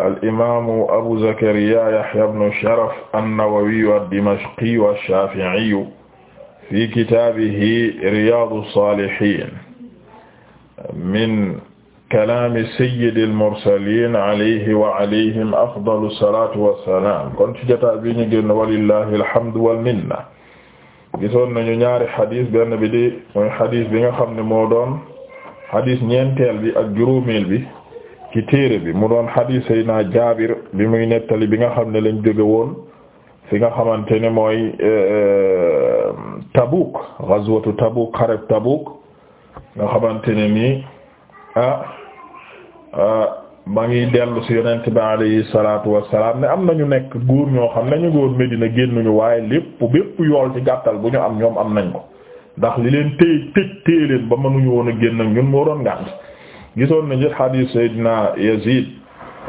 al-imaamu Abu Zakariya Yahya ibn Sharaf an-Nawawi ad-Dimashqi wash-Shafi'i fi kitaabihi Riyaadu s-Saalihiin min kalaami sayyidil mursaliin alayhi wa alayhim afdalu salaatu wa salaam kon ci jotaay bi ñu génn walillaahi alhamdu wal minna gisoon nañu ñaari xadis benn bi di mooy xadis bi nga xam ne moo doon xadis ñeenteel bi ak juróomeel bi. ci téere bi mu doon xadiis naa Jaabir bi muy nettali bi nga xam ne lañ jóge woon fi nga xamante ne mooy euh, euh, Tabuk gazwatu Tabuk xareb Tabuk nga xamante ne nii ah, ah ma ngi dellu si yonent bi alayhi salaatu wassalaam ne am nañu nekk góor ñoo xam ne ñu góor Medina génnuñu waaye lépp bépp yool ci gàttal bu ñu am ñoom am nañ ko ndax li leen téye tëj téye leen ba mënuñu woon a génn ak ñun moo doon ngànt gisoon nañu hadith Seydina Yazid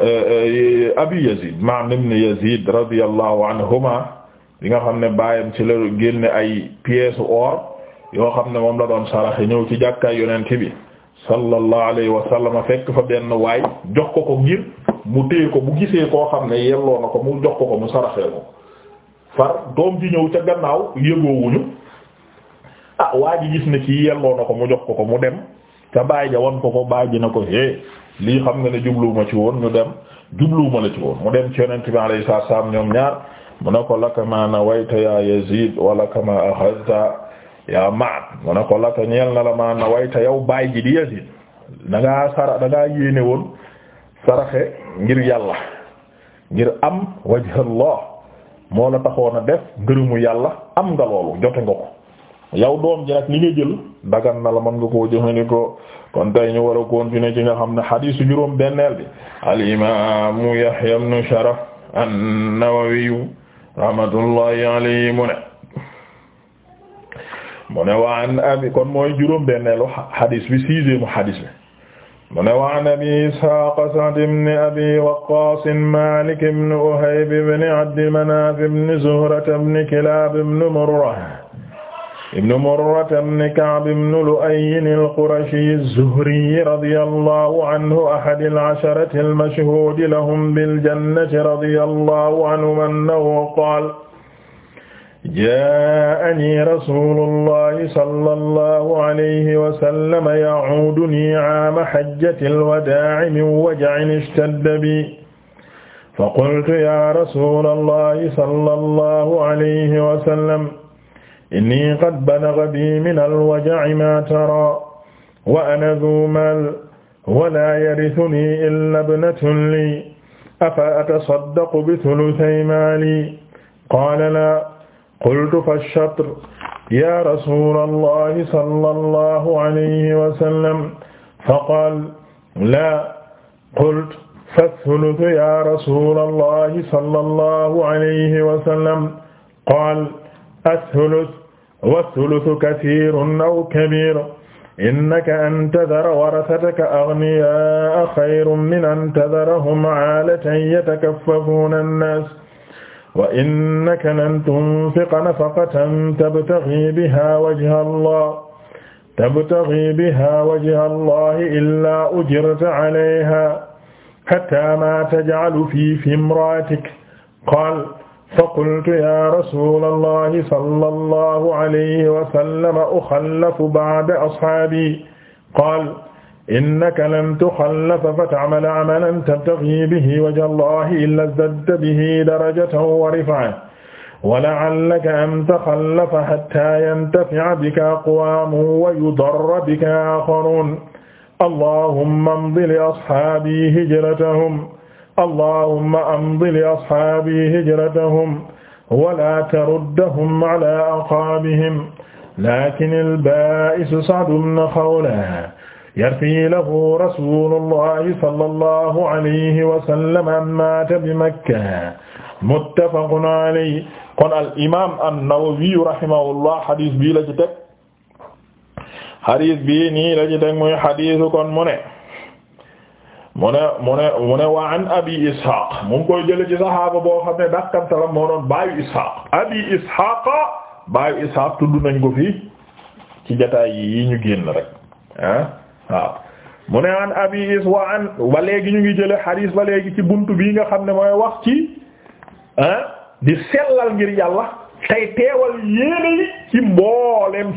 eh, eh, Abi Yazid Ma'n ibn Yazid radiyallahu anhuma bi nga xam ne baayam ci la génne ay pièces or yoo xam ne moom la doon saraxe ñëw ci jàkkaay yonent bi sallallahu alayhi wa sallam fekk fa benn waay jox ko ko ngir mu téye ko mu gisee koo xam ne yelloo na ko mu jox ko ko mu saraxee ko far doom ji ñëw ca gannaaw yëgoowuñu ah waa ji gis ne kii yelloo na ko mu jox ko ko mu dem te bàyyi ja wan ko ko bàyyi na ko hé lii xam nga ne jubluwuma ci woon ñu dem jubluwuma la ci woon mu dem ci yonent bi alayhi salaam ñoom ñaar mu ne ko laka ma nawayta ya Yazid wala kama axadta ya Ma'd mu ne ko laka ñeel na la ma nawayta yow bàyyi ji di Yazid da ngaa sara yéene woon saraxe ngir yàlla ngir am wajhallah moo la taxoon def ngërëmu yàlla am nga loolu jote nga ko yow doom ji nag li nga jël dagan na la mën nga koo jëfandikoo kon tey ñu war a continuer nga xam ne xadiisu juróom benneel bi al Yahya ibn Sharaf an-Nawawi rahmatullahi alayhi mu ne mu ne wa an abi kon mooy abi Ishaaq Sa'd ibn Abi Waqqaas Maalik ibn Uhayb ibn Abd Manaaf ibn Zuhra ibnu Murrata ibnu Ka'b ibnu Lu'ayyin al-Qurashi az-Zuhri radiyallahu anhu ahadi al-asharati al-mashhudi lahum bil-jannati radiyallahu anhum annahu qaala jaa'anii rasuulullahi sallallahu alayhi wa sallam ya'uudunii 'aama hajjati al-wadaa'i min waj'in ishtadda bi fa qultu yaa rasuulallahi sallallahu alayhi wa sallam inni qad balagha bi min al-waja'i ma tara wa ana dhu mal wa la yarithuni illa ibnatun li afa atasaddaqu bi thuluthay mali qala la qultu fash-shatr ya rasula allahi sallallahu alayhi wa sallam faqala la qultu fath-thuluthu ya rasula allahi sallallahu alayhi wa sallam qala ath-thuluth والثلث كثير أو كبير إنك أن تذر ورثتك أغنياء خير من أن تذرهم عالة يتكففون الناس وإنك لن تنفق نفقة تبتغي بها وجه الله تبتغي بها وجه الله إلا أجرت عليها حتى ما تجعل في في امرأتك قال faqultu ya rasulallahi sallallahu alayhi wa sallam uxallafu ba'da ashaabi qaala innaka lan tuxallafa fata'mala 'amalan tabtaghii bihi wajha Allahi illa ztadta bihi darajatan wa rif'atan wa la'allaka an taxallafa hattaa yantafi'a bika aqwaamun wa yudarra bika aakharuun allahumma imdi li ashaabii hijratahum allahumma amdi li ashaabi hijratahum wala taruddahum ala aqaabihim lakin al-baa'isu Sa'du bnu Khawla yarfi lahu rasuulullahi sallallahu alayhi wa sallam an maata bi Makka muttafaqun alayhi kon al imaam an-Nawawi rahimahullah xadis bii la ci teg xadis bii nii la ci teg muy xadisu kon mu ne mu ne mu ne mu ne wa an abi ishaq mu koy jële ci saxaaba boo xam ne dakkantalam moo doon baayu ishaq abi ishaq baayu ishaq tudd nañ ko fii ci jataay yi ñu génn rek ah waaw mu ne an abi wa an léegi ñu ngi jële xadiis ba léegi ci bunt bii nga xam ne mooy wax ci di sellal ngir yàlla tey teewal yi ci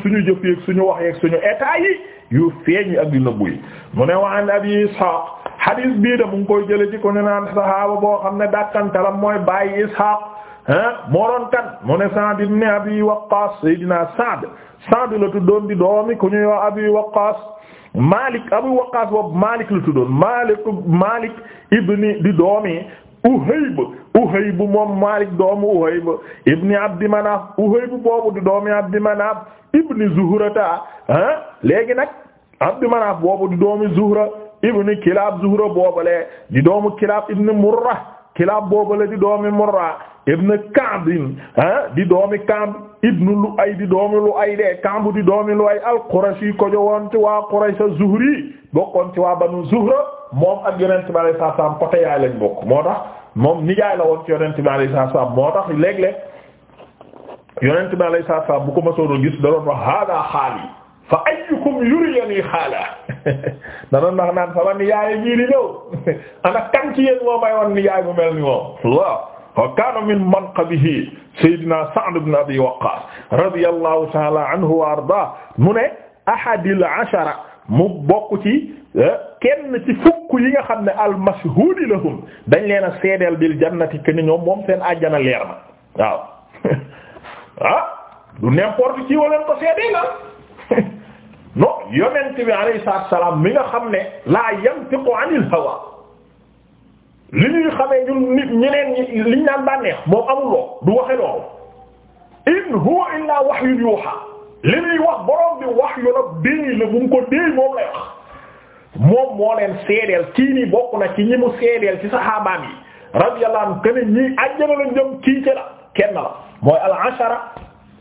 suñu jëf suñu wax yeeg suñu état yi abi ishaq hadis bii da mu ko ne naan sahaaba boo xam ne dàkkantalam mooy bàyyi Ishaq moo doon kan mu ne Sa'd ibn Abi Waqqas Seydina Sa'd Sa'd la tuddoon di doomi ku ñuy wax Abi Waqqas Malik Abi Waqqas boobu Malik la tuddoon Malik Malik ibni di doomi Uhayb Uhayb moom Malik doomu Uhayb ibni Abdi Manaf Uhayb boobu di doomi Abdi Manaf ibni Zuhrata léegi nag Abdi Manaf boobu di doomi Zuhra ibn Kilaab Zuhra boobale di doomu Kilaab ibn Murra Kilaab boobale di doomi Murra ibn Ka'b ah di doomi Ka'b ibn Lu'ay di doomi Lu'ay de Ka'b di doomi Lu'ay al-Qurashi ko ci waa Quraysh az-Zuhri bokkoon ci waa Banu Zuhra moom ak Yonent bi alayhi salaam côté yaay lañ bokk moo tax moom nijaay la woon ci Yonent bi alayhi salaam moo tax léeg-léeg Yonent bi alayhi salaam bu ko mësoon a gis da doon wax xaali fa ayyukum yuriyani xaala danoon nax naan sama ni yaay jii di ñëw ana kan ci yéen moo may woon ni yaay bu mel ni moom waaw wa kaana min manqabihi sayyidina Sa'd ibn Abi Waqqas radiyallahu ta'ala anhu wa arda mu ne ahadil ashara mu bokk ci eh, kenn ci fukk yi nga xam ne al-mashhuudi lahum dañ leen a seedeel bil jannati ken ñoom moom seen àjjana leer na waaw ah du n'importe ci waleen ko seedeel non yonent bi salaam mi nga xam ne laa yantiqu anil hawa li ñuy xam ñun nit ñeneen ñi liñ naan bànneex moo amul loo du waxe loolu in huwa illaa wahyun yuuhaa li ñuy wax borom bi wahyu la déy la bu mu ko déy moom lay wax moom moo leen seedeel kii nii bokk na ci ñi mu seedeel ci saxaabaam yi radiyallahu anhu kenn ñii àjjana la kii ci la la mooy al ashara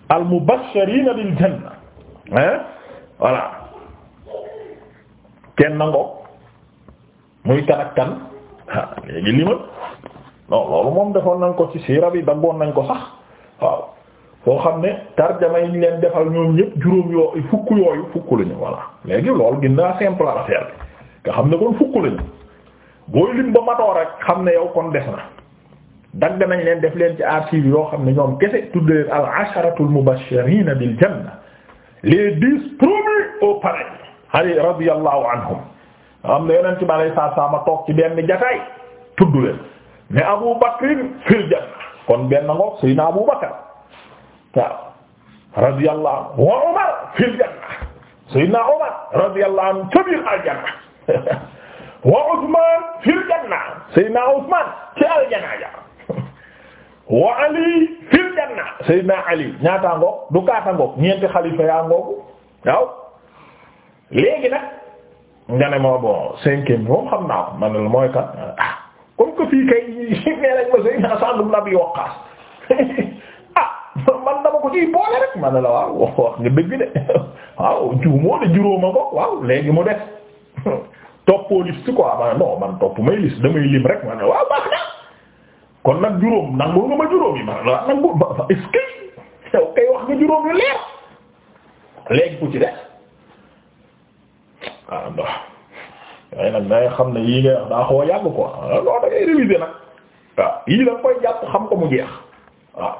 al mubashirina bil janna hein voilà kenn nango muy kan ak kan léegi limal non loolu moom defoon nañ ko ci siira bi damboon nañ ko sax waaw foo xam ne tarjama yi ñu leen defal ñoom ñëpp juróom fukk yooyu fukk lañu voilà léegi loolu ginnaa simple affaire bi nga xam ne kon fukk lañu booy lim ba matoo rek xam ne yow kon def na dagg nañ leen def leen ci archive yoo xam ne ñoom kese tudd leen al asharatul mubashirin bil janna les dix promus au paradis ali radiyallahu anhum am na yonent bi alayhi salaam a toog ci benn jataay tudd leen ne Abu Bakr fil janna kon benn ngoog Seydina Abu Bakr waaw radiyallahu wa Umar fil janna Seydina Umar radiyallahu anhu ca biir aljanna wa Usman fil janna Seydina Usman ci aljanna ja wa Ali janna Seydina Ali ñaata ngoog du kaata ngoog ñeenti xalifa yaa ngoogu waaw léegi nag nga ne moo bon cinquième moom xam naa man la mooy kan ah comme que fii kay nee nañ ma Seydina Sa'd ibn Abi ah man dama ko ciy boole rek man la waaw wax nga dëgg de waaw juumoo de juróoma ko waaw léegi mu def toppoo liste quoi man non man topp may liste damay lim rek man waaw kon nag juróom nangul nga ma juróom yi ma ku ci nag dangay xam ne yii ngay wax daa ko mu jeex waaw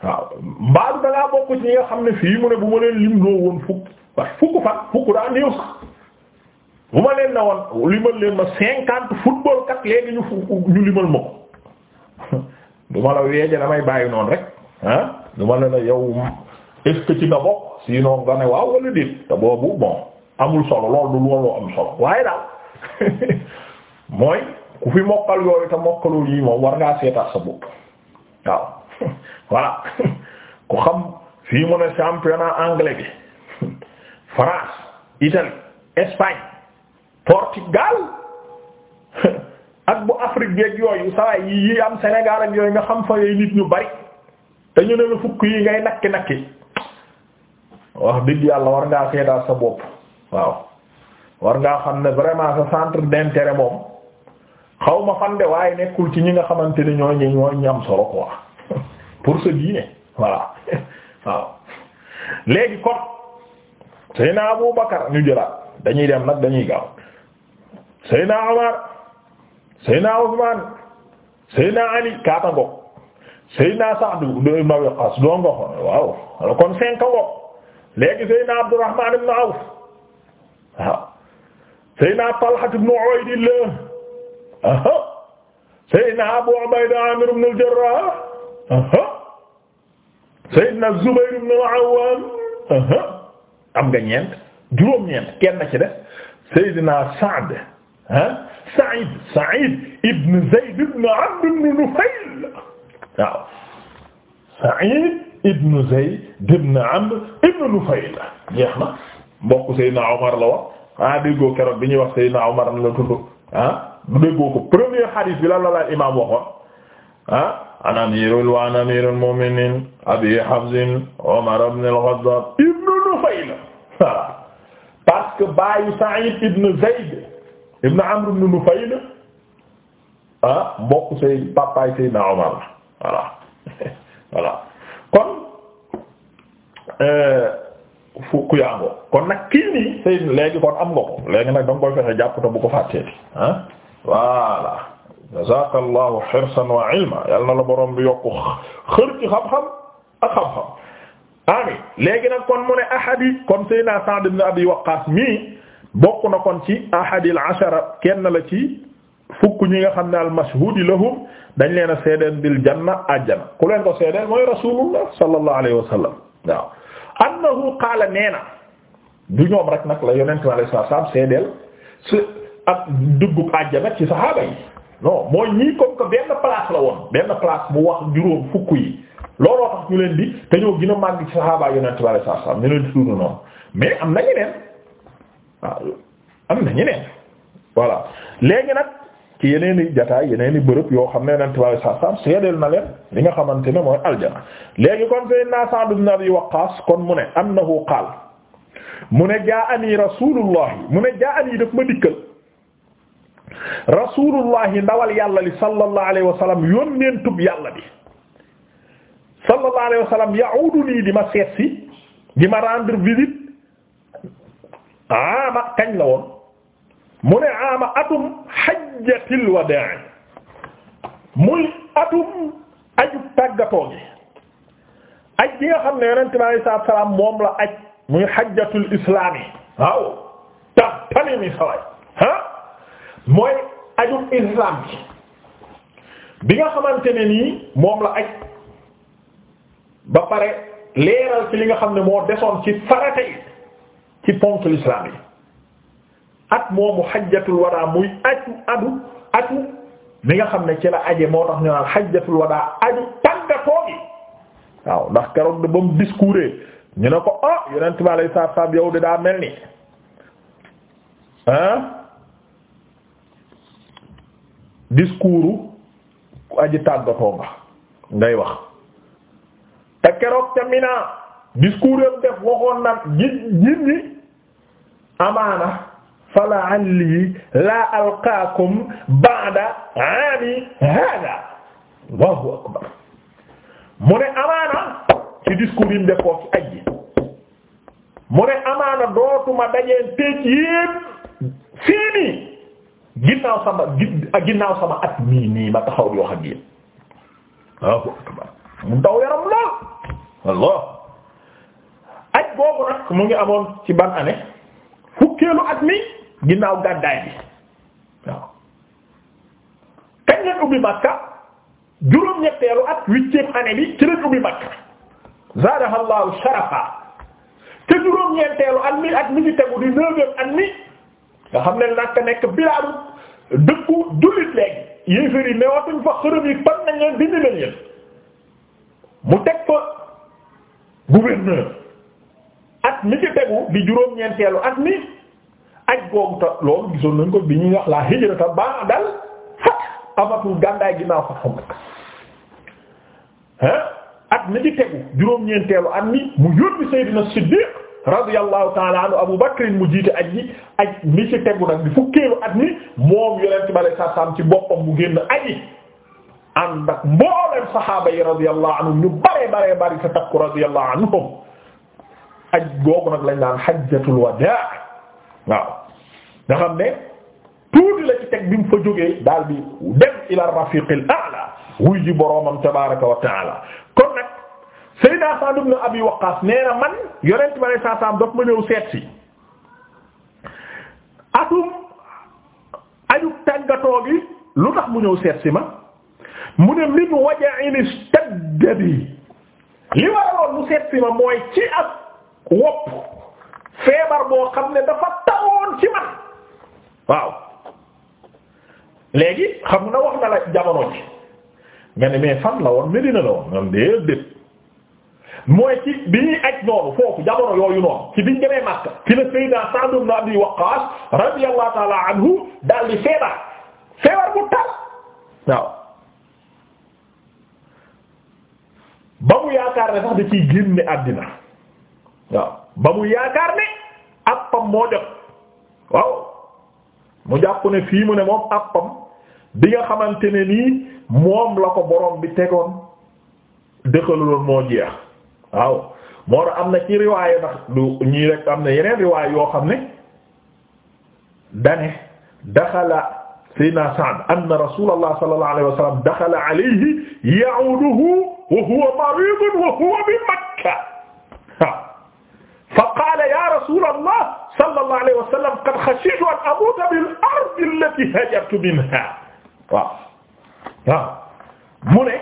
waaw mbaalu da ngaa bokk ci nga xam ne fii mu ne bu ma leen lim loo woon fukk fukk fan fukk daa néew bu ma leen ne woon limal leen ma cinquante football kat léegi ñu ñu limal ma ko du la weeje damay bàyyi noonu rek ah du ma la ne yow est-ce que ci nga bokk ne waaw wala déet te boobu bon amul solo lool du loolu am solo waaye daal mooy ku fi mokkal yooyu te mokkaloo yi moom war ngaa seetaat sa bopp waaw voilà ku xam fii mu ne championnat anglais bi France Italie Espagne Portugal ak bu Afrique beeg yooyu saa yi yi am Sénégal ak yooyu nga xam fa yooyu nit ñu bari te ñu ne la fukk yi ngay nakki nakki wax dëgg yàlla war ngaa seedaat sa bopp waaw war ngaa xam ne vraiment sa centre d'intérêt moom xaw ma fan de waaye nekkul ci ñi nga xamante ne ñoo ñi ñoo ñi am solo pour se diine voilà waaw léegi kon Seydina Abou Bakar ñu jëlaat dañuy dem nag dañuy gaaw. Seyna Omar Seyna Ousmane Seyna Ali kaata ngoog Seyna Sa'd ibn Abi Waqqas doo ngoog waaw kon cinq ngoog léegi Seyna Abdurrahman ibn Awf waaw Seyna Talha ibn Ubaydillah Seyna Abu Ubayda Amir ibn al-Jarrah Seyna Zubayr ibn al-Awwam am nga ñeent juróom-ñeent kenn ci def Seyna Sa'd ah Saïd Saïd Ibn Zayd Ibn Amr Nufayl waaw Saïd Ibn Zayd Ibn Amr Ibn Nufayl jeex na mbokk Seydina Omar la wax ah déggoo bi ñuy wax Seydina Omar la tudd ah déggoo ko premier hadith bi la la la imaam an amirul wa an amirul mu'minin Abi Hafs Omar ibn al-Khattab Ibn Nufayl parce que baayu Saïd Ibn Zayd ibn Amr ibn Nufayl ah mbokk say papaay Seydina Omar la voilà voilà kon euh, fu ku yaangoo kon nag kii nii kon am nga ko léegi nag da nga koy fexe jàpp te bu ko fàtteeti ah voilà jazakallahu xirsan wa ilma yal la borom bi yokku xër ci xam ak xam-xam amin léegi nag kon mu ne ahadi kon Seydina Sa'd ibn Abi Waqqas mi bokk na kon ci ahadil ashara kenn la ci fukk ñi nga xam ne al mashhudi lahum dañ leen a seedeen bil janna àjjana ku leen ko seedeen mooy rasulullah sallallahu alayhi wa sallam waaw annahu qaala nee na du ñoom rek nag la yonent bi alayhi salaam seedeel si ak duggub àjjana ci saxaaba yi non mooy ñii comme que benn place la woon benn place bu wax juróom fukk yi looloo tax ñu leen di te ñoo gën a màgg ci saxaaba yonent bi alayhi salaam ñu leen di am na waaw ah, am na ñeneen voilà léegi nag ci yeneen i jataay yeneen i bërëb yoo xam ne yeneen tubaab yi sax sax seedeel na leen li nga xamante ne mooy aljana léegi kon sayyidina Sa'd ibn Abi Waqqas kon mu ne annahu qaal mu ne jaa'anii rasuulullahi mu ne jaa'anii daf ma dikkal rasuulullahi ndawal yàlla li sallallahu alayhi wa sallam yónneentub yàlla bi sallallahu alayhi wa sallam ya'uudunii di ma seet si di ma rendre visite. aama kañ la woon mu ne aama atum hajjatil wadaa muy atum aju tàggatoo gi aj gi nga xam ne yonent bi alayhi salaatu moom la aj muy hajjatul islaam yi waaw tax tani saway ah mooy ajum islam bi bi nga xamante ne nii moom la aj ba pare leeral ci li nga xam ne moo desoon ci farata ci ponk l'islam yi at moomu xajjatul wadaa muy aju adu mi nga xam ne ci la aje moo tax ñu naan xajjatul wadaa aju tàggatoo gi waaw ndax keroog de ba mu discours ñu ne ko ah yonent bi alayhi salaatu salaam yow de daa mel ni ah discours ku nga ngay wax te keroog ca Mina discours yam def waxoon na ji ji amaana fala alli la alqaakum ba'da aami hada allahu akbar mu ne amaana ci discours yi mu aji mu ne amaana dootuma dajeen teeg yépp fii ginnaaw sama ginnaaw sama at mii ma taxaw yoo xam yéen akbar mu daw yaram lool allah aj boobu nag mu ngi amoon ci ban année fukkeelu at mi ginnaaw gàddaay bi waaw kañ lañ ubbi Makka juróom-ñetteelu at huitième année bi ci lañ ubbi Makka zaadaha Allahu sharafa te juróom-ñeenteelu at mi at mi ci tegu di neuvième at mi nga xam ne naka nekk bilaalu dëkku jullit léegi yéefar yi newatuñ fa xërëm yi pan nañ leen dindi nañ leen mu teg fa gouverneur at mi ci tegu bi juróom-ñeenteelu at mi aj googu loolu gisoon nañ ko bi ñu wax la hijrata baax dal fat amatul gàndaay ginnaaw fat xam ah at mi di tegu juróom-ñeenteelu at mi mu yónni Seydina Siddiq radiyallahu ta'ala Abu Bakr mu jiite aj yi aj mi ci tegu nag di fukkeelu at mi moom yonent bale sa sam ci boppam mu génn aji ànd ak mbooleem saxaaba yi radiyallahu anhum ñu bare bare bari sa takku radiyallahu anhum aj googu nag lañ naan hajjatul wadaa waaw nga xam ne tuuti la ci teg bi mu fa jógee daal bi dem ila rafiqil a'la wuy ji boroomam tabaaraka wa ta'ala kon nag Seydina Sa'd ibn Abi Waqqas nee na man yonent bi alayhi salaam daf ma ñëw seet si atum aju tàggatoo gi lu tax mu ñëw seet ma mu ne min waja'in istadda bi li waraloon mu seet ma mooy ci ab wopp feebar boo xam ne dafa tawoon ci man waaw léegi xam na wax na la jamono ji nga ne mais fan la woon Medina la woon ñoom déedéet mooy ci bi ñuy aj noonu foofu jamono yooyu noonu ci biñ demee Makka ci la Sayyidina Sa'd ibn Abi Waqqas radiyallahu ta'ala anhu daal di feebar feebar bu tar waaw ba mu yaakaar ne sax da ciy génne àddina waaw ba mu yaakaar ne appam moo jot waaw mu jàpp ne fii mu ne moom appam bi nga xamante ne nii moom la ko borom bi tegoon dëxaluloon moo jeex waaw moo tax am na ci riwaaya ndax du ñii rek am na yeneen riwaaya yoo xam ne dane daxala Sayyidina Sa'd anna Rasulullah sallallahu alayhi wa sallam daxala alayhi ya'uduhu wa huwa maridun wa huwa bi Makka qaala ya rasul allah sallallahu alayhi wa sallam qad xashiitu an amuuta bil ardi allati hajartu minha waaw waaw mu ne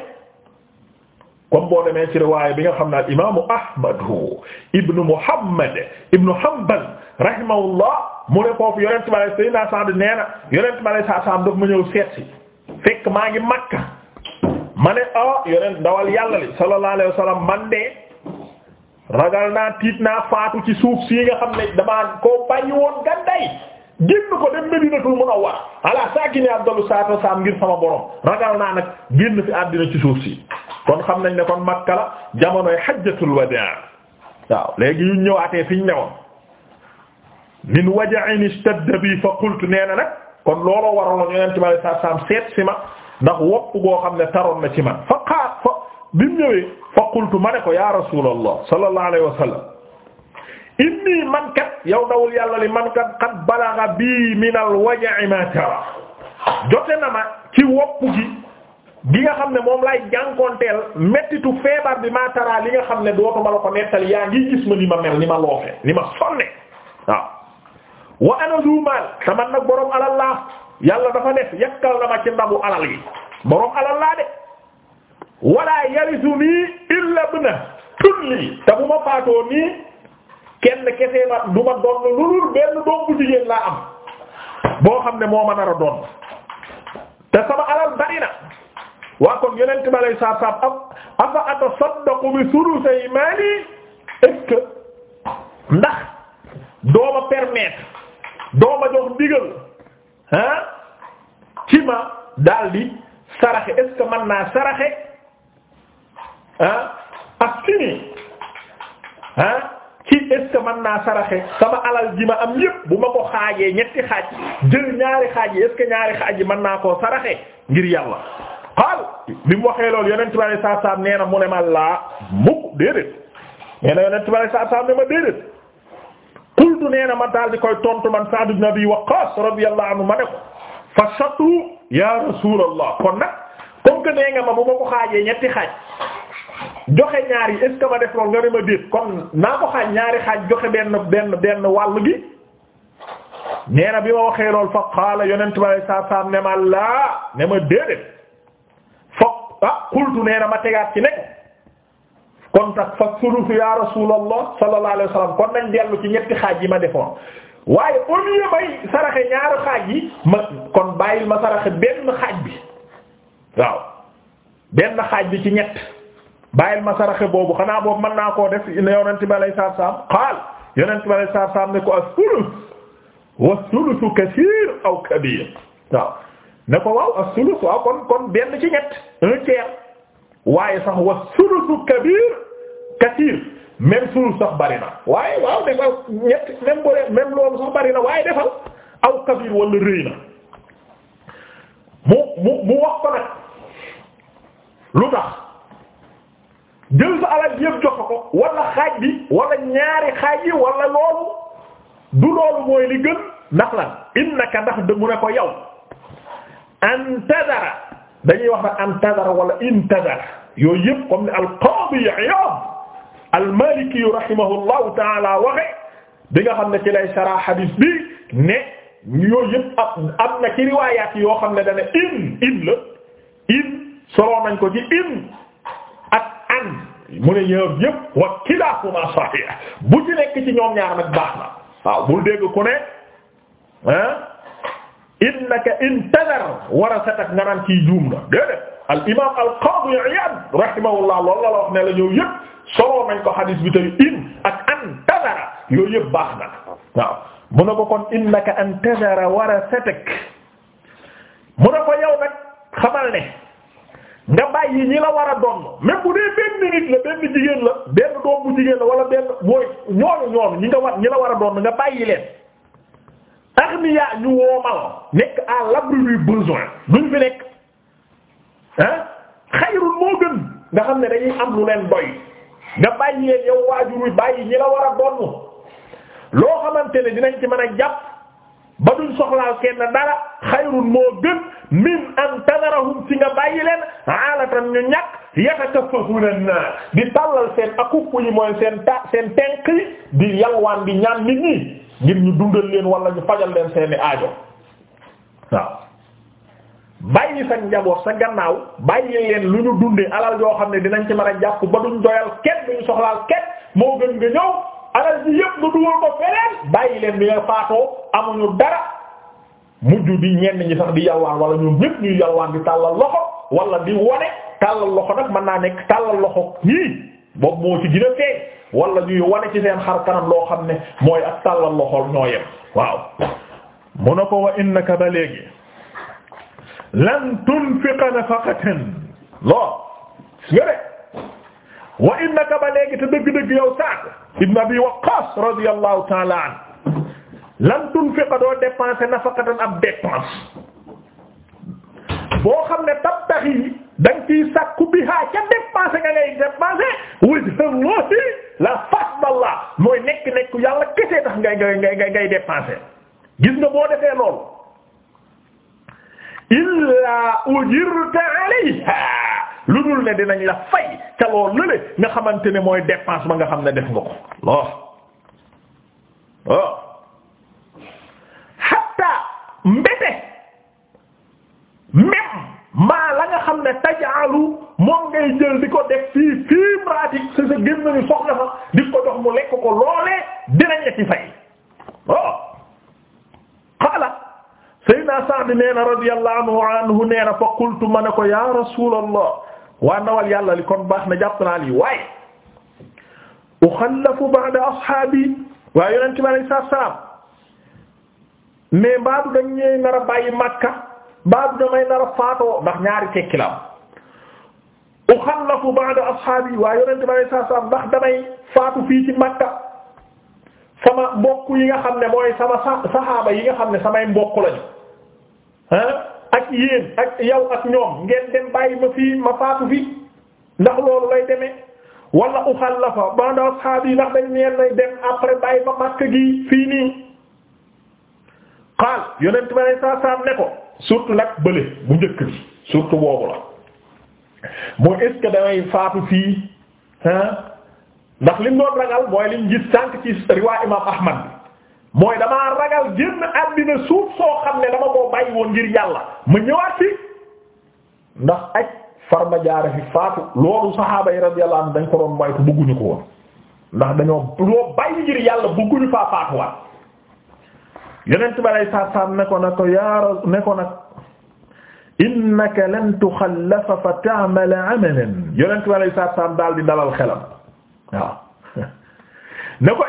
comme boo demee ci riwaaya bi nga xam ne al imaamu ahmadu ibnu muhammad ibnu hanbal rahimahullah mu ne foofu yonent ma lay sayyidina Sa'd nee na yonent ma lay sa sam daf ma ñëw seet si fekk maa ngi Makka ma ne ah yonent dawal yàlla li sallallahu alayhi wa sallam man de ragal naa tiit naa faatu ci suuf sii nga xam ne damaa koo bàyyi woon gànday génn ko dem Medinatul Munawwara ala saakini afdalu salaatu wa salaam ngir sama borom ragal naa nag génn fi àddina ci suuf si kon xam nañ ne kon Makka la jamonoy wadaa waaw léegi yu ñëwaatee fi ñu newoon min waja'in istadda bi fa qultu nee na nag kon looloo waraloon Yonent bi alayhi salaatu wa salaam seet si ma ndax wopp goo xam ne taroon na ci ma fa xaar fa bi ñëwee fa qultu ma ne ko ya rasulallah sallallahu alayhi wa sallam inni man kat yow dawul yàlla li man kat qad balagha bi min al ma tara jote na ma ci wopp gi gi nga xam ne moom lay jànkoonteel mettitu feebar bi ma tara li nga xam ne dootuma la ko nettali yaa ngi gis ma ni ma mel ni ma loofe ni ma sonne waaw wa ana zu mal nag boroom alal laa yàlla dafa def yakkal na ma ci ndabu alal yi boroom alal laa de wala yarisu nii illa ibna tulli te bu ma faatoo nii kenn kese ma du ma doon lu dul benn doom bu jigéen laa am boo xam ne moo ma nar a te sama alal bari na waa kon yonent ba saab saab am afa atasaddaqu bi thuluthay mali est-ce que ndax dooma permettre dooma jox ndigal ah ci ma daldi saraxe est-ce naa saraxe ah ak fini ah ci est-ce mën naa saraxe sama alal ji ma am yépp bu ma ko xaajee ñetti xaaj jël ñaari xaaj yi est ñaari xaaj yi mën naa koo saraxe ngir yàlla xaal bi mu waxee loolu yonent bi sallallahu alayhi wasallam nee na ne ma laa mukk déedéet nee na yonent ma déedéet ma daal di koy tontu man Sa'd ibn Abi Waqqas radiyallahu anhu ma ne ko fa shatu ya rasulallah kon nag comme que nga ma bu ma ko xaajee ñetti xaaj joxe ñaar yi est ce que ma def nga ne ma déet kon naa ko xaaj ñaari xaaj joxe benn benn benn wàll gi nee na bi ma waxee lool fa qaala yonent bi alay saa salaam ne ma laa ne ma déedéet foog ah qultu nee ma tegaat ci nekk kon tax fa sulusu ya rasulallah sallallahu alayhi xaaj yi ma defoon waaye au lieu bay saraxe ñaari xaaj yi ma kon bàyyil ma saraxe benn xaaj bi waaw benn xaaj bi ci ñett bàyyil ma saraxe boobu xanaa boobu mën naa koo def ne yonent bi alayhi salaatu salaam qaal yonent bi alayhi salaatu salaam ne ko as-sulus wa sulusu kasiir aw kabiir waaw ne ko waaw as-sulus waaw kon kon benn ci ñett un tiers waaye sax wa sulusu kabiir kasiir même sulus sax bari na waaye waaw da nga ñett même bu loolu sax bari na waaye defal aw kabiir wala rëy na mu mu wax ko nag lu tax. jël sa alal yëpp jox ko wala bi wala ñaar xaaj yi wala loolu du loolu mooy li gën ndax lan innaka mu ne ko yow antadara dañuy wax na antadara wala intadara yooyu yëpp comme ni al-Qadi Iyad al-Maliki rahimahullahu ta'ala waxe bi nga xam ne ci lay sara hadith bi ne yooyu yëpp am na ci riwaayaat yoo xam ne dana in in la in soloo nañ ko ci in an mu ne ñëw yëpp wa kilaahumaa sahih bu ci nekk ci ñoom ñaar nag baax na waaw bul dégg ku ne ah innaka intadar warasatak nga naan ciy juum na déedéet al imam al qadi Iyad rahimahullah loolu la wax ne la ñëw yëpp soloo nañ ko hadis bi tey in ak antadara yooyu yëpp baax na waaw mu ne ko kon innaka antadara warasatak mu ne ko yow nag xamal ne nga bàyyi ñi la war a doon même dee benn nit la jigéen la benn doom jigéen la wala benn mooy ñooñu ñooñu ñi nga war ñi la war a doon nga bàyyi leen. aghniya ñu woomal nekk à l'abri du besoin duñ fi nekk ah xayrul moo gën nga xam ne dañuy am lu leen doy nga bàyyi leen yow waajur wi bàyyi ñi la war a doon loo xamante ne dinañ ci man a jàpp. ba duñ soxlaal kenn dara xayrun moo gën min an tadarahum ci nga bàyyi leen alatan ñu ñàkk yatakaffafuuna naa di tàllal seen akupp yi mooy seen ta seen tenk yi di yalwaan di ñaan nit ñi ngir ñu dundal leen wala ñu fajal leen seeni aajo waaw bàyyi sa njaboot sa gannaaw bàyyi leen lu ñu dundee alal yoo xam ne dinañ ci mën a jàpp ba duñ doyal kenn duñ soxlaal kenn moo gën nga ñëw alal ji yëpp nga dugal ko feneen bàyyi leen bi nga faatoo amuñu dara mujj di ñenn ñi sax di yalwaan wala ñoom ñëpp ñuy yalwaan di tàllal loxo wala di wone tàllal loxo nag man naa nekk tàllal loxo yii boobu moo ci gën a feeñ ñuy wane ci seen xar kanam loo xam ne mooy ak tàllal loxol ñoo yem waaw mu na ko wa innaka ba léegi lan tunfiqa nafaqatan lo nga de wa innaka ba léegi te dëgg-dëgg yow Sa'd ibn Abi Waqqas radiyallahu ta'ala an lan tunfiqa doo dépenser nafaqatan ab dépense boo xam ne tabtaxi da nga ciy sàkku bi ha ca dépenser nga ngay dépenser wajhallahi la fasdallah mooy nekk nekk yàlla kese tax ngay ngay ngay ngay dépenser gis nga boo defee loolu illa ujirta alayha lu dul ne dinañ la fay ca lële nga xamante ne mooy dépense ba nga xam ne def nga ko lool oh. hatta mbete même maa la nga xam ne tajaalu moom ngay jël di ko def fii fii pratique sa sa gén nañu soxla fa di ko dox mu lekk ko loolee dinañ la ci fay waaw oh. xaala Sayyidina Sa'd nee na anhu nee fa qultu ma ne ko ya Rasulallah waa ndawal yàlla li kon baax na jàpp naa lii waaye uxallafu ba'da ashaabi waaye yonent bi alayhi salaam mais baadu dañ ñëw nar a bàyyi makka baadu damay nar a faatoo ndax ñaari tekki la am uxallafu ba'da ashaabi waaye yonent bi alayhi salaam ndax damay faatu fii ci makka sama mbokk yi nga xam ne mooy sama saxaaba yi nga xam ne samay mbokk lañu ah. ak yéen ak yow ak ñoom ngeen dem bàyyi ma fii ma faatu fi ndax loolu lay demee wala uxallafa ba'da ashaabi ndax dañ neen lay dem après bàyyi ma makk gi fii nii xaal yonent ma ne saa saam ne ko surtout nag bële bu njëkk bi surtout boobu la mooy est-ce faatu fii ah ndax lim doon ragal mooy liñ gis sànk ci riwaa imam ahmad bi mooy damaa ragal génn àddina suuf soo xam ne dama koo bàyyi woon ngir yàlla ma ñëwaat fi ndax aj far ma jaare fi faatu loolu saxaaba yi radiyallahu anhu dañ ko doon moytu bëgguñu ko woon ndax dañoo loo bàyyi ngir yàlla bëgguñu faa faatuwaat yonent ba lay saat saam ne ko nag ko yaa ne ko nag innaka lan tuxallafa fa ta'mal 'amalan yonent ba lay daal di dalal xelam ko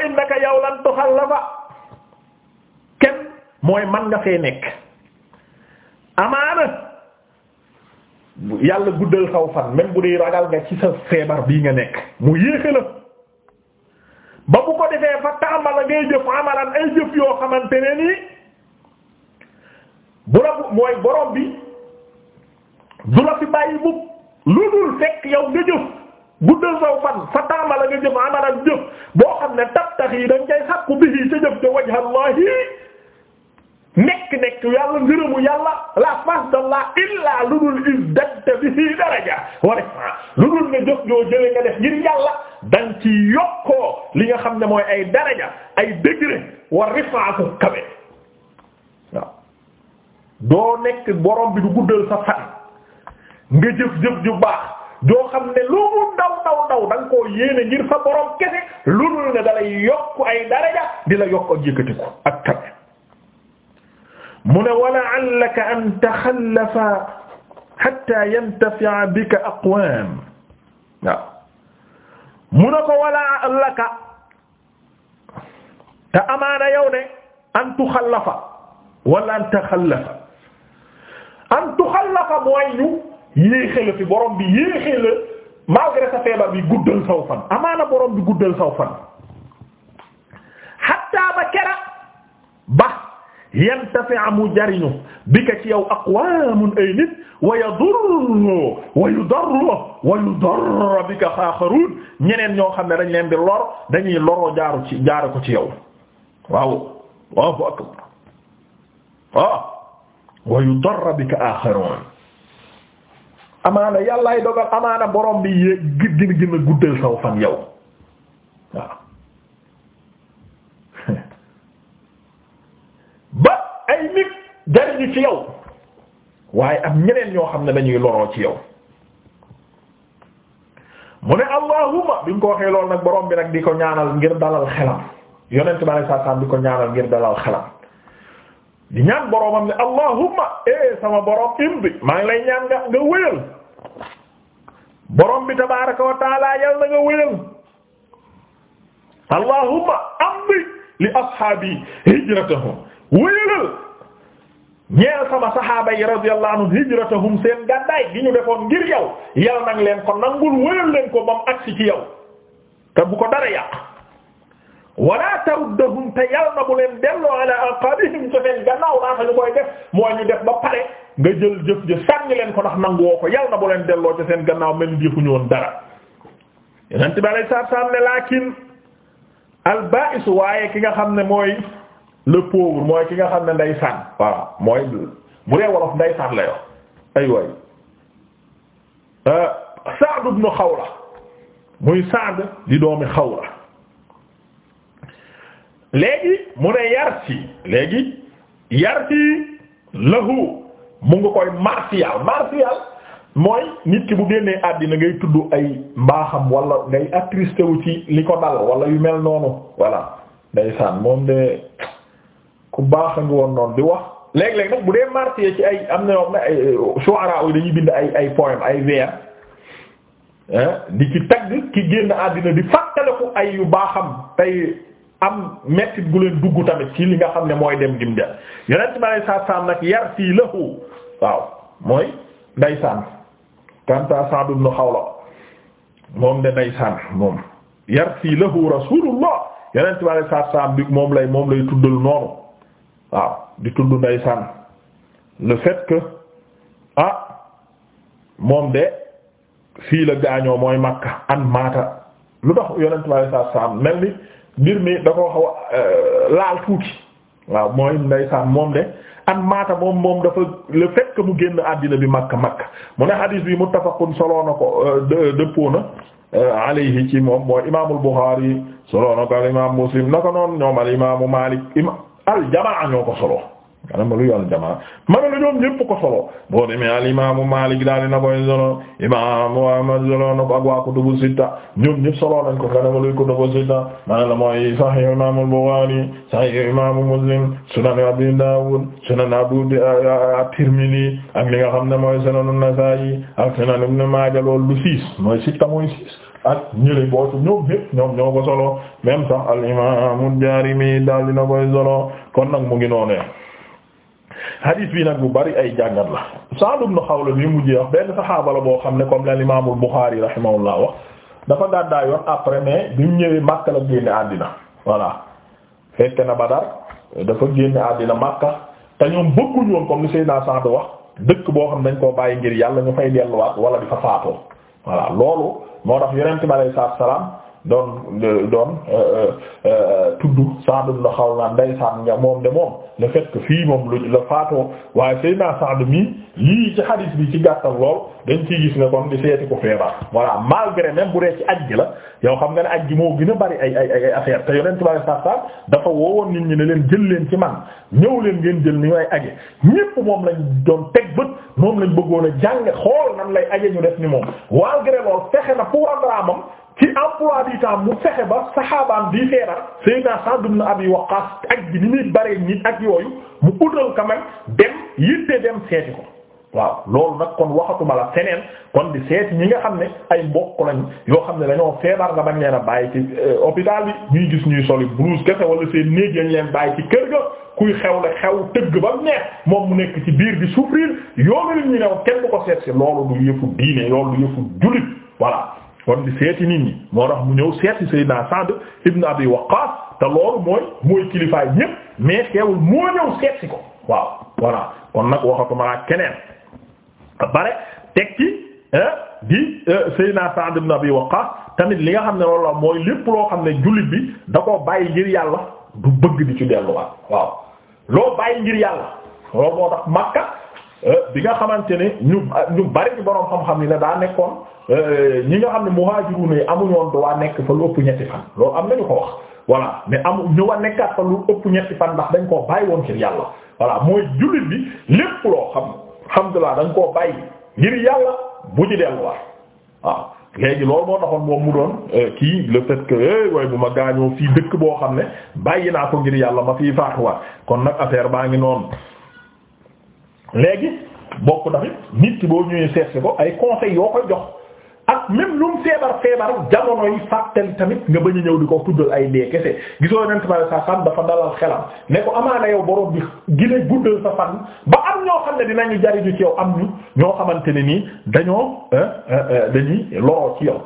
lan tuxallafa mooy man nga fee nekk amaana yàlla guddal saw fan même bu dee ragal nga ci sa feebar bii nga nekk mu yéexe la ba bu ko defee fa taamala ngay jëf amalan ay jëf yoo xamante ne nii bu la mooy borom bi du la fi bàyyi mukk lu dul fekk yow nga jëf guddal saw fan fa taamala nga jëf amalan jëf boo xam ne tabtax yi dañ koy xàqu bi ca jëf ca wajhallahi nekk nekk yàlla ngërëmu yàlla la face d'Allah illaa lu dul izdatta bihi daraja wa rafa lu dul nga jox joo jële nga def ngir yàlla dang ci yokkoo li nga xam ne mooy ay daraja ay degré wa rifaatu kawe waaw doo nekk borom bi du guddal sa fan nga jëf jëf ju baax doo xam ne lu mu ndaw ndaw ndaw da nga koo yéene ngir sa borom kese lu dul ne dalay yokk ay daraja di la yokk ak yëkkati ko ak kawe mu ne wa la'allaka an taxallafa hatta yantafi'a bika aqwaam waaw mu ne ko wa la'allaka te amaana yow ne an tuxallafa wala an taxallafa an tuxallafa mooy ñu yéexee la fi borom bi yéexee la malgré sa feebar bi guddal saw fan amaana borom bi guddal saw fan hatta ba kera ba yantafi'a mu jariñu bika ci yow aqwaamun ay nit wa yadurru wa yudarru wa yudarru bika xaaxaruun ñeneen ñoo xam ne dañ leen di lor dañuy loroo jaaru ci jaaru ko ci yow waaw Allahu akbar waaw wa yudarru bika aaxaruun amaana yàllaay dogal amaana borom bi yéeg gën gën a guddal saw fan yow waaw ay nit jariñu ci yow waaye am ñeneen ñoo xam ne dañuy loroo ci yow mu ne allahumma bi nga ko waxee lool nag borom bi rek di ko ñaanal ngir dalal xelam yonent bi alei sat salaam di ko ñaanal ngir dalal xelam di ñaan boromam ne allahumma eh sama borom imbi maa ngi lay ñaan nga wéyal borom bi tabaaraka wa taala nga wéyal allahumma amri li ashaabi hijratahum wéyalal ñeel sama saxaaba yi radiyallahu anhum hijratahum seen gàddaay gi ñu defoon ngir yow yal nag leen ko nangul wëyal leen ko ba mu agsi ci yow te bu ko dara yàq wala taruddahum te yal na bu leen delloo ala aqabihim ca seen gannaaw laata ñu koy def mooy ñu def ba pare nga jël jëf jëf sànni leen ko ndax nanguwoo ko yal na bu leen delloo ca seen gannaaw mel ni jëfuñu woon dara yonent bi alayhi salaam ne laakin al waaye ki nga xam ne mooy le pauvre mooy ki nga xam ne saan voilà mooy mu dee wolof ndeysaan la yor ay way euh, Sa'd ibn Xawla muy Sa'd di doomi xaw Xawla léegi mu ne yarsi léegi yarsi lahu mu ngi koy martial martial mooy nit ki bu génnee àddina ngay tudd ay mbaaxam wala ngay attristé ci li ko dal wala yu mel noonu voilà ndeysaan moom de bu baax a ngi woon noonu di wax léeg-léeg nag bu dee martyr ci ay am na yoo xam ne ay euh, dañuy bind ay ay poème ay vers di ci tagg ki génn àddina di fàttaliku ay yu baaxam tey am mettit gu leen dugg tamit ci li nga xam ne mooy dem gim dem yonent ba saa saam nag yar fii lahu waaw mooy ndeysaan kanta Sa'd moom de ndeysaan moom fii lahu rasulullah yonent ba saa saam bi moom lay moom lay tuddal noonu waaw di tudd ndeysaan le fait que ah moom de fii la gaañoo mooy Makka an maata lu tax yonent bi alayhi mel ni mbir mi da koo euh, laal tuuti waaw mooy ndeysaan moom de an maata moom moom dafa le que mu génn àddina bi Makka Makka mu ne hadis bi muttafaqun soloo na ko euh, dëppoo na euh, alayhi ci moom mooy imaamul Buxaari soloo na al imaam Muslim naka noonu ñoom al imaamu Maalik imaam aljamaa ñoo ko solo mana ma lu yu aljamaa al imaamu Maalik daal dina koy solo imaamu Ahmad solo na ko kutubu sitta ñoom ñépp solo nañ ko kana ma luy kutubu sitta mana la mooy sahih imaamu Buxaari sahih imaamu Muslim sunan Abi Daawud sunan Abu Tirmidi ak li nga xam mooy sunan Nasaa'i ak sunan Ibn Maaja loolu siis mooy sitta mooy siis ak ñële boo ci ñoom ñépp ñoom ñoo ko solo même sax al imam Daarimi daal dina koy solo kon nag mu ngi noonee hadith bi nag bu bari ay jàngat la Sa'd ibn Khawla bi mujjee wax benn saxaaba la boo xam ne comme al imam al-Bukhari rahimahullah wax dafa gàddaa yoon après mais bi mu ñëwee Makka la génne àddina voilà fekk na Badar dafa génne àddina Makka te ñoom bëgguñu woon comme ni Seydina Sa'd wax dëkk boo xam ne dañ koo bàyyi ngir yàlla ñu fay delluwaat wala di fa voilà loolu moo tax yonent bi alayhi salaam doon doon euh, euh, euh, tudd Sa'd ibn Khawlan ndeysaan nga moom de moom le fait fii moom lu la faatoo waaye Seydina Sa'd mi lii ci hadith bi ci gàttal lool dañ ciy gis ne kon di seeti ko feebar voilà malgré même bu dee ci gi la yow xam nga ne ajj moo gën a bari ay ay ay affaire te yonent bi saa saa dafa woowoon nit ñi ne leen jël leen ci man ñëw leen ngeen jël ni ñooy aje ñépp moom lañ doon teg bët moom lañ bëggoon a jàng xool nan lay aje ñu def ni moom malgré lool fexe ci emploi du temps mu fexe ba saxaabaan bi feebar Seydina Sa'd ibn Abi Waqqas ak bi ni muy bare nit ak yooyu mu utal quand même dem yitte dem seeti ko waaw loolu nag kon waxatuma la feneen kon di seeti ñi nga xam ne ay mbokk lañ yoo xam ne dañoo feebar nga bañ leen bàyyi ci euh, hôpital bi ñuy gis ñuy soli blouse kese wala seen néeg lañ leen bàyyi ci kër ga kuy xew la xew tëgg ba mu neex moom mu nekk ci biir bi souffrir yoo li ñu new kenn bu ko seet du yëfu kon di seeti nit ñi moo tax mu ñëw seeti Seydina Sa'd ibn Abi Waqqas te loolu mooy mooy kilifaay ñépp mais teewul moo ñëw seetsi ko waaw voilà kon nag waxatuma laa keneen bare tekki eh, di eh, Seydina Sa'd ibn Abi Waqqas tamit li nga xam ne loolu la mooy lépp loo xam ne jullit bi da koo bàyyi ngir yàlla du bëgg di ci delluwaat waaw loo bàyyi ngir yàlla loolu moo tax Makka Euh, bi nga xamante ne ñu ñu bari ci boroom xam-xam ni la daa nekkoon euh, ñi nga xam ne muhaajiruun yi amuñoon waa nekk fa lu ëpp ñetti fan loolu am nañu ko wax voilà mais amu ñu war nekkaat fa lu ëpp ñetti fan ndax dañ koo bàyyi woon ci yàlla voilà mooy jullit bi lépp loo xam alhamdulillah dañ koo bàyyi ngir yàlla bu ci delluwaat waaw léegi loolu moo taxoon moom mu doon euh, kii le fait que eh, way bu ma gaañoo fii dëkk boo xam ne bàyyi naa ko ngir yàlla ma fii nag affaire baa ngi noonu léegi bokk tamit nit ki boobu ñëwee seet ko ay conseils yoo koy jox ak même lu feebar feebar jamono yi fàttali tamit nga bañ ñëw di ko tuddal ay dee kese gisoo yonent bi sa fan dafa dalal xelam ne ko amaana yow borom bi gine guddal sa fan ba am ñoo xam ne dinañu jariñu ci yow am ñu ñoo xamante ne nii dañoo dañuy loroo ci yow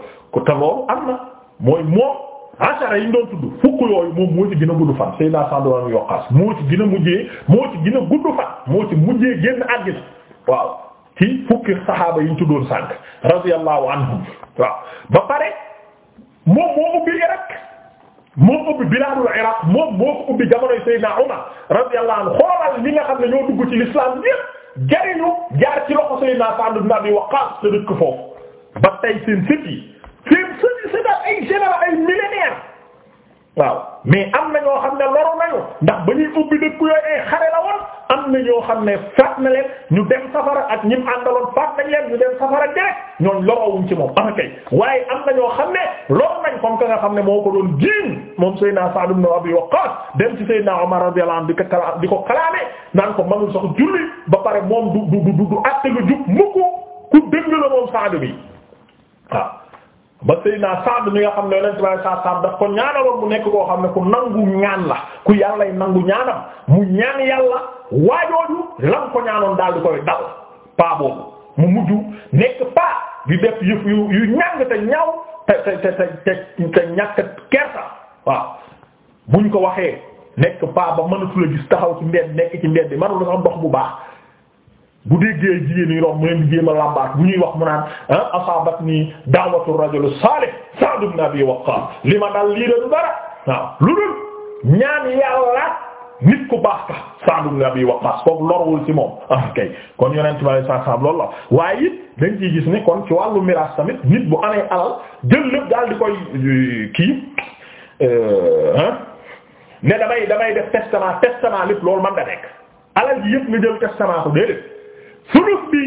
te loolu am na mooy moom ashara yi ñu doon tudd fukk yooyu moom moo ci gën a gudd fan Seydina Sa'd ibn Waqqas moo ci gën a mujjee moo ci gën a gudd fan moo ci mujjee génn àddina waaw ci fukki saxaaba yi ñu tuddoon sànq anhum waaw ba pare moom moo ubbi Irak moo ubbi bilaadul Iraq moom moo ko ubbi jamonoy Seydina Umar radiyallahu anhu xoolal li nga xam ne ñoo dugg ci l'islam yépp jariñu jaar ci loxo Seydina Sa'd ibn Abi Waqqas te dëkk foofu ba tey seen c'est c'est daal ay général ay millénaire waaw mais am na ñoo xam ne loru nañu ndax ba ñuy ubbi dëkk yooyu ay xare la woon am na ñoo xam ne faat na leen ñu dem safara ak ñim àndaloon faat nañ leen ñu dem safara direct ñoon lorowuñ ci moom am kay waaye am na ñoo xam ne loru nañ comme que nga xam ne moo ko doon jiin moom Seydina Sa'd ibn Abi Waqqas dem ci Seydina Umar radiyallahu anhu di ko kala di ko kalaame naan ko manul sax julli ba pare moom du du du bi ba naa Saad mi nga xam ne Yonent bi saa saam daf ko ñaanaloon mu nekk koo xam ne ku nangu ñaan la ku yàlla nangu ñaanam mu ñaan yàlla waajooju lam ko ñaanoon daal di koy dal paa mu mujj nekk paa di def yu yu ñàng te ñaaw te te te te te ñàkk kersa waaw buñ ko waxee nekk paa ba mënatu la gis taxaw ci mbedd nekk ci mbedd bi mënatu la sax dox bu baax. bu déggee jigéen ñi dox mu leen di jéem làmbaat bu wax mu naan asaabat nii da'watu rajul salih Sa'd ibn Abi Waqqas li ma dal lii dañu dara waaw lu dul ñaan yàlla nit ku baax ka Sa'd ibn Abi Waqqas lorwul ci moom ah kon yonent bi sallallahu alayhi wa la waaye it dañ ciy gis ne kon ci wàllu miraas tamit nit bu amee alal jël lépp daal di koy euh, kii euh, ne damay damay def testament testament lépp loolu man da nekk alal ji yëpp nga jël testament ko sulus bi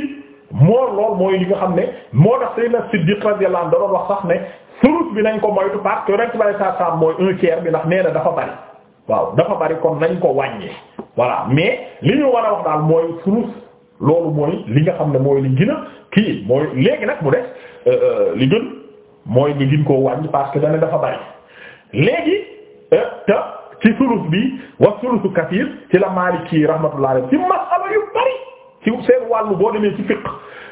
moo lool mooy li nga xam ne moo tax Seydina Siddiq radiyallahu anhu doon wax sax ne sulus bi nañ ko moytu parce que rek bari saa saa mooy un tiers bi ndax nee na dafa bari waaw dafa bari kon nañ ko wàññi voilà mais li ñu war a wax daal mooy sulus loolu mooy li nga xam ne mooy li gën a kii mooy léegi nag mu def euh, euh, li gën mooy nga gën koo wàññi parce que dana dafa bari léegi euh, te ci sulus bi wax sulusu kasiir ci la Maliki kii alayhi ci masala yu ci seen wàllu boo demee ci fiqh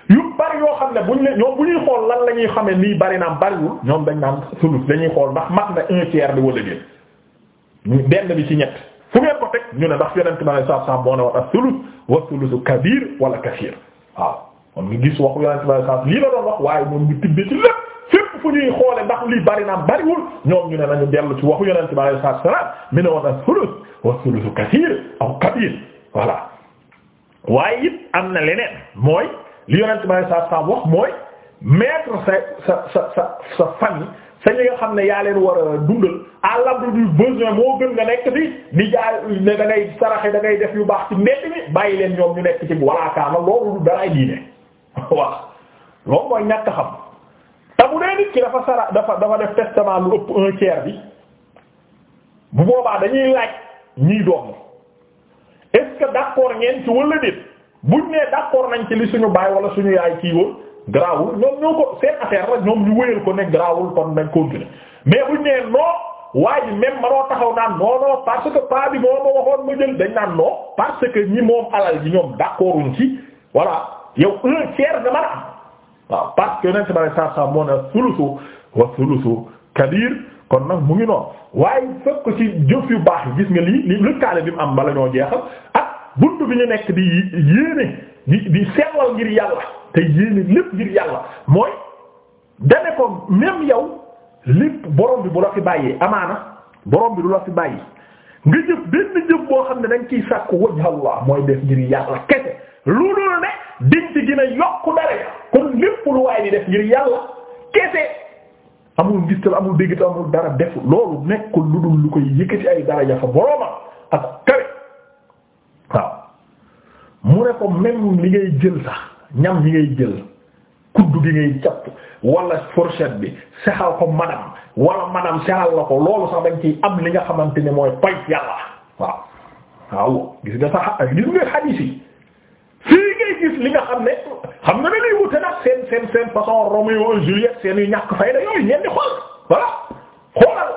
yu bari yoo xam ne buñ ne ñoom bu ñuy xool lan la ñuy xamee nii bari naam bariwul ñoom dañ naan sulus dañuy xool ndax mat na un tiers bi wala déet benn bi ci ñett fu ngeen ko teg ñu ne ndax yonent ma ne saab saab moo ne wax ak sulus wa sulusu kabir wala kasiir waaw kon nga gis waxu yonent ma ne saab lii la doon wax waaye moom ñu tibbee ci lépp fépp fu ñuy xoole ndax lii bari naam bariwul ñoom ñu ne nañu dellu ci waxu yonent ma ne saab saab mi ne wax ak sulus wa sulusu kasiir aw kabir voilà waaye it am na leneen mooy li yonent ba sa sa wax sa sa sa sa sa famille sa ñi nga xam ne yaa leen war a dundal à l'abri du besoin moo gën nga nekk fi di jaay ne da ngay saraxe da ngay def yu baax ci mbedd mi bàyyi leen ñoom ñu nekk ci walaakaana loolu du daraay diine waaw loolu mooy ñàkk xam te bu dee nit ki dafa sara dafa dafa def testament lu ëpp un tiers bi bu boobaa dañuy laaj ñiy doom est-ce ngeen ci wala déet buñ nee d'accord nañ ci li suñu baay wala suñu yaay kii woon garaawul ñoom ñoo ko seen affaire la ñoom ñu wéyal ko ne garaawul kon nañ continuer mais buñ nee non waa ji même manoo taxaw naan non non parce que pas bi moo ma waxoon ma jël dañ naan non parce que ñi moom alal ji ñoom d'accorduñ ci voilà yow un tiers nga mën a waaw parce que yonent bi sallallahu alayhi wasallam moo ne sulusu wa sulusu kabir kon nag mu ngi noonu waaye fekk ci jëf yu baax yi gis nga lii li lëkkaale bi mu am bala ñoo jeexal ak bunt bi ñu nekk di yéene di di sellal ngir yàlla te yéene lépp ngir yàlla mooy dane ko même yow lépp borom bi bu la fi bàyyee amaana borom bi du la fi bàyyi nga jëf benn jëf boo xam ne dañ kiy sàkk wajhallah mooy def ngir yàlla kese loolu la ne diñ ci gën a yokk dara kon lépp waaye di def ngir yàlla kese amul ngistal amul déggital amul dara def loolu nekkul lu dul lu koy yëkkati ay daraja fa borooma ak kawe waaw mu ne ko même li ngay jël sax ñam yi ngay jël kuddu gi ngay jàpp wala fourchette bi sexal ko madam wala madam sexal la ko loolu sax dañ ciy am li nga xamante ni mooy pay yàlla waaw waaw gis nga sax gis nga xadiis yi fii ngay gis li nga xam ne xam nga ne lay wute seen seen seen façon Roméo et Juliette seen yu ñàkk fayda yooyu ñeen di xool voilà xoolal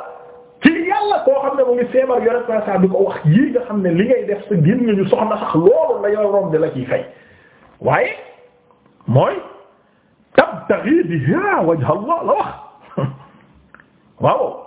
ci yàlla koo xam ne mu ngi seebar yore saa bi ko wax yii nga xam ne li ngay def sa gin nga ñu soxna sax loolu la yor rom di la ciy mooy tabtaghi biha wajha Allah la wax waaw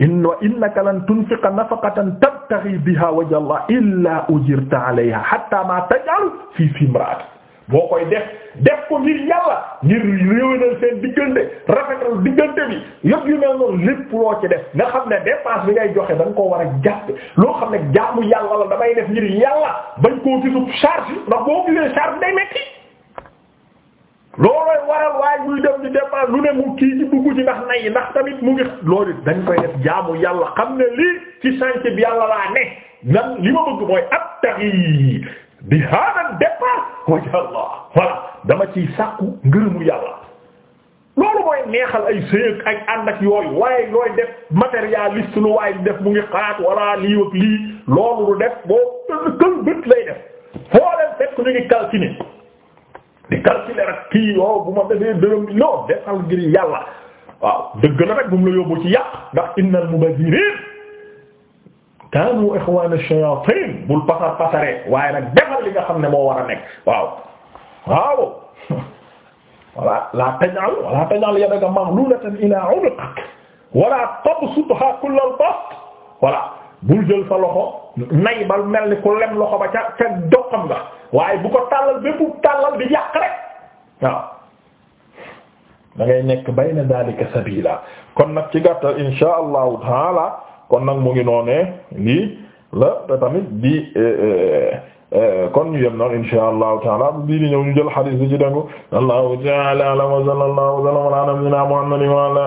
in wa innaka lan tunfiqa nafaqatan tabtaghi biha wajha Allah illa ujirta alayha hatta ma taj'al fi simraat boo koy def def ko ngir yàlla ngir réwénal seen diggante rafetal diggante bi yëpp yu mel noonu lépp loo ci def nga xam ne dépense bi ngay joxe da nga koo war a jàpp loo xam ne jaamu yàlla la damay def ngir yàlla bañ koo gisub charge ndax boo gisee charge day metti loolooy waral waaye muy dem di dépense lu ne mu kii ci dugg ci ndax nay ndax tamit mu ngi loolu dañ koy def jaamu yàlla xam ne lii ci chantier bi yàlla laa ne nan li ma bëgg mooy abtaghi bi hada départ wajh Allah voilà dama ciy sàkku ngërëmu yàlla loolu mooy neexal ay sëyëg ay ànd yooyu waaye looy def matérialiste lu waaye def mu ngi xalaat walla lii ak lii loolu lu def boo kël bët lay def foo leen fekk ñu ngi calciner di calculer ak kii yoo bu ma defee dërëm non defal ngir yàlla waaw dëgg la rek bu mu la yóbbu ci yàq ndax innal mubadirin kaanu ikhwan ash-shayatin bul pasar pasare waaye nag defal li nga xam ne moo war a nekk waaw waaw wala la taj'al wala taj'al yadaka maghlulatan ila 'unuqik wala tabsutha kullal bast wala bul jël sa loxo nay bal mel ni ku lem loxo ba ca ca doxam nga waaye bu ko tàllal bépp tàllal di yàq rek waaw da nekk bayna daalika sabila kon nag ci gàttal insha allahu taala kon nag mu ngi noonee lii la te tamit di eh, eh, eh, kon ñu yem noonu insha allahu taala bii di ñëw ñu jël xadiis bi ci dëngu allahu taala wa sallallahu wa sallama ala nabiyyina muhammadin wa ala